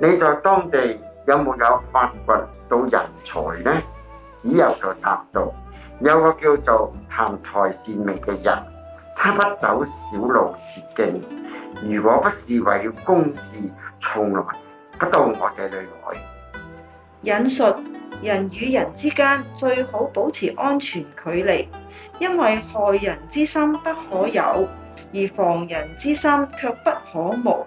你在當地有沒有發掘到人才呢？子游答道：有個叫做澹臺滅明嘅人，他不走小路捷徑。如果不是為了公事，從來不到我這裏來。引述：人與人之間最好保持安全距離，因為害人之心不可有，而防人之心卻不可無。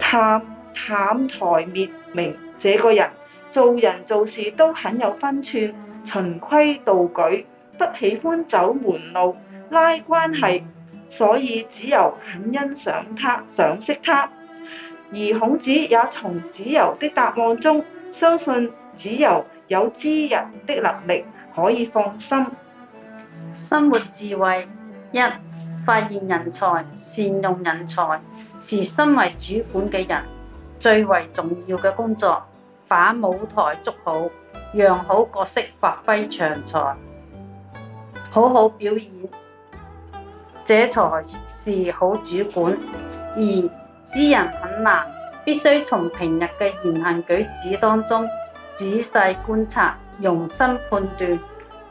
澹臺滅明，這個人做人做事都很有分寸，循規蹈矩，不喜歡走門路拉關係，所以子游很欣賞他，賞識他。而孔子也從子游的答案中，相信子游有知人的能力，可以放心。生活智慧一，發現人才，善用人才。是身為主管嘅人最為重要嘅工作，把舞台捉好，讓好角色發揮長才，好好表演，這才是好主管。二，知人很難，必須從平日嘅言行舉止當中仔細觀察，用心判斷，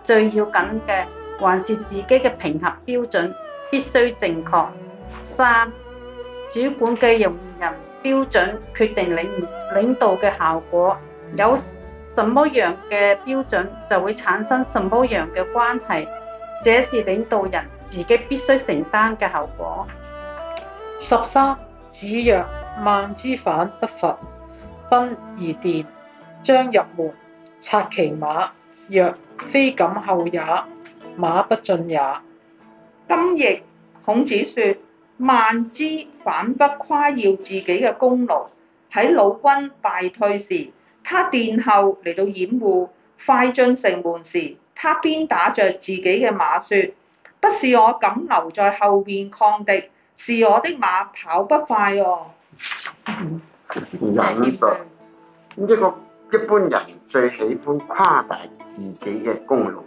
最要緊嘅還是自己嘅評核標準必須正確。三主管嘅用人標準決定領領導嘅效果，有什麼樣嘅標準就會產生什麼樣嘅關係，這是領導人自己必須承擔嘅後果。十三子曰：孟之反不伐，奔而殿，將入門，策其馬，曰：非敢後也，馬不進也。今亦孔子說。孟之反不誇耀自己嘅功勞，喺老軍敗退時，他殿後嚟到掩護；快進城門時，他鞭打着自己嘅馬說：不是我敢留在後邊抗敵，是我的馬跑不快哦。 忍耐，咁、這、一、個、一般人最喜歡誇大自己嘅功勞，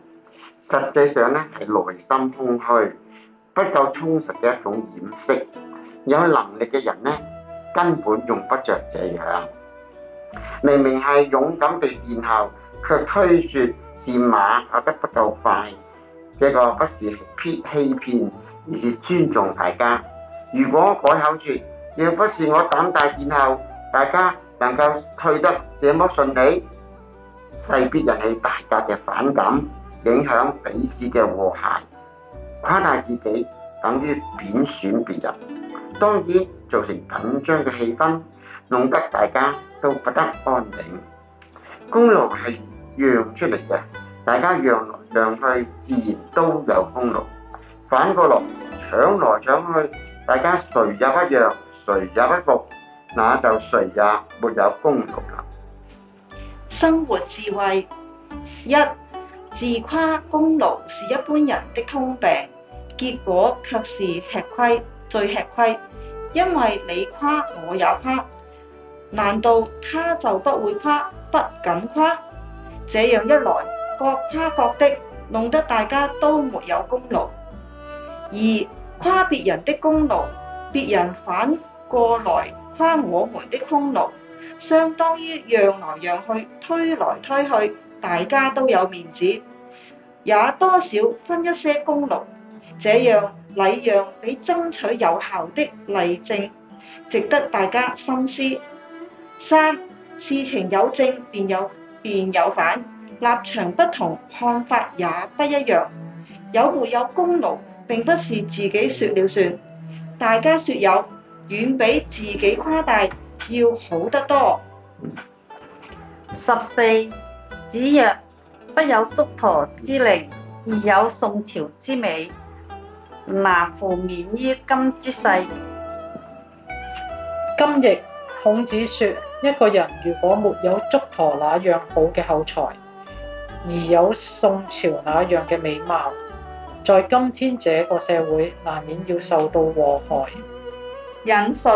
實際上呢係內心空虛。不夠充實嘅一種掩飾，有能力嘅人呢根本用不著這樣。明明係勇敢地殿後，卻推説是馬跑得不夠快。這個不是騙欺騙，而是尊重大家。如果改口説，若不是我膽大殿後，大家能夠退得這麼順利，勢必引起大家嘅反感，影響彼此嘅和諧。誇大自己等於貶損別人，當然造成緊張嘅氣氛，弄得大家都不得安寧。功勞係讓出嚟嘅，大家讓來讓去，自然都有功勞。反過嚟搶來搶去，大家誰也不讓，誰也不服，那就誰也沒有功勞啦。生活智慧一，自誇功勞是一般人的通病。結果卻是吃虧，最吃虧，因為你誇我也誇，難道他就不會誇？不敢誇？這樣一來，各誇各的，弄得大家都沒有功勞。而誇別人的功勞，別人反過來誇我們的功勞，相當於讓來讓去，推來推去，大家都有面子，也多少分一些功勞。這樣禮讓比爭取有效的例證，值得大家深思。三、事情有正，便有便有反，立場不同，看法也不一樣。有沒有功勞並不是自己説了算，大家説有，遠比自己誇大，要好得多。十四、子曰：不有祝鮀之佞，而有宋朝之美，難乎免於今之世。今譯孔子說：一個人如果沒有祝鮀那樣好嘅口才，而有宋朝那樣嘅美貌，在今天這個社會，難免要受到禍害。引述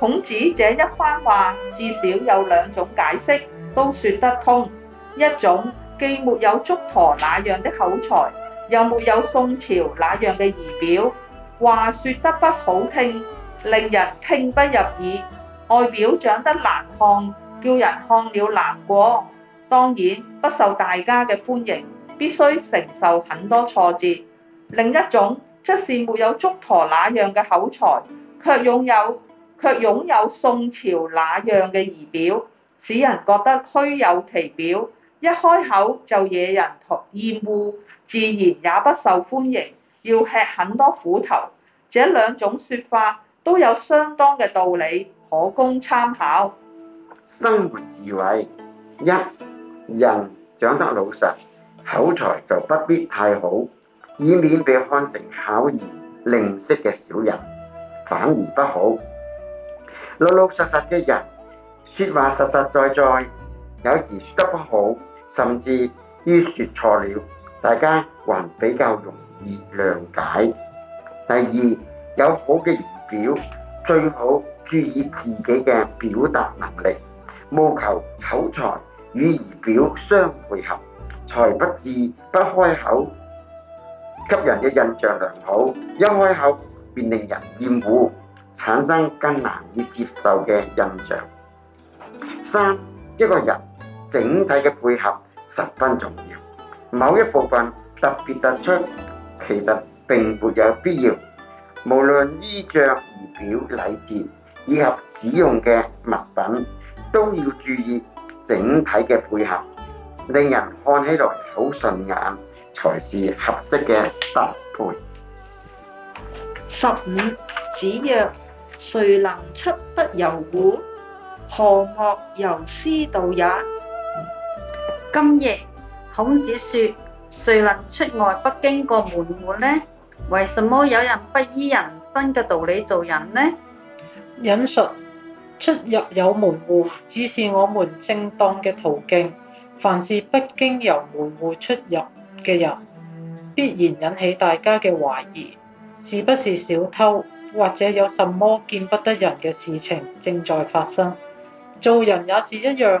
孔子這一番話，至少有兩種解釋，都說得通。一種既沒有祝鮀那樣的口才。又沒有宋朝那樣嘅儀表，話說得不好聽，令人聽不入耳；外表長得難看，叫人看了難過，當然不受大家嘅歡迎，必須承受很多挫折。另一種則是沒有祝鮀那樣嘅口才，卻擁有卻擁有宋朝那樣嘅儀表，使人覺得虛有其表。一開口就惹人同厭惡，自然也不受歡迎，要吃很多苦頭。這兩種説法都有相當嘅道理，可供參考。生活智慧：一、人長得老實，口才就不必太好，以免被看成巧言令色嘅小人，反而不好。老老實實嘅人，説話實實在在，有時説得不好。甚至於説錯了，大家還比較容易諒解。第二，有好嘅儀表，最好注意自己嘅表達能力，務求口才與儀表相配合，才不至不開口，給人嘅印象良好；一開口便令人厭惡，產生更難以接受嘅印象。三，一個人整體嘅配合。十分重要，某一部分特別突出，其實並沒有必要。無論衣着、儀表、禮節以及使用嘅物品，都要注意整體嘅配合，令人看起來好順眼，才是合適嘅搭配。十五，子曰：誰能出不由戶？何莫由斯道也？今夜，孔子説：誰能出外不經過門戶呢？為什麼有人不依人生嘅道理做人呢？引述出入有門戶，只是我們正當嘅途徑。凡是不經由門戶出入嘅人，必然引起大家嘅懷疑，是不是小偷，或者有什麼見不得人嘅事情正在發生。做人也是一樣。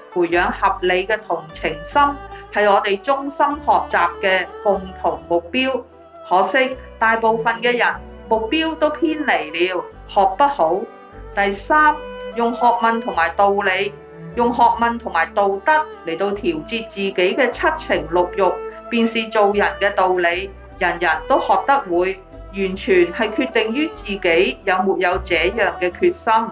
培養合理的同情心,是我們終身學習的共同目標。可惜,大部分的人,目標都偏離了,學不好。第三,用學問和道理,用學問和道德來到調節自己的七情六欲,便是做人的道理,人人都學得會,完全是決定於自己有沒有這樣的決心。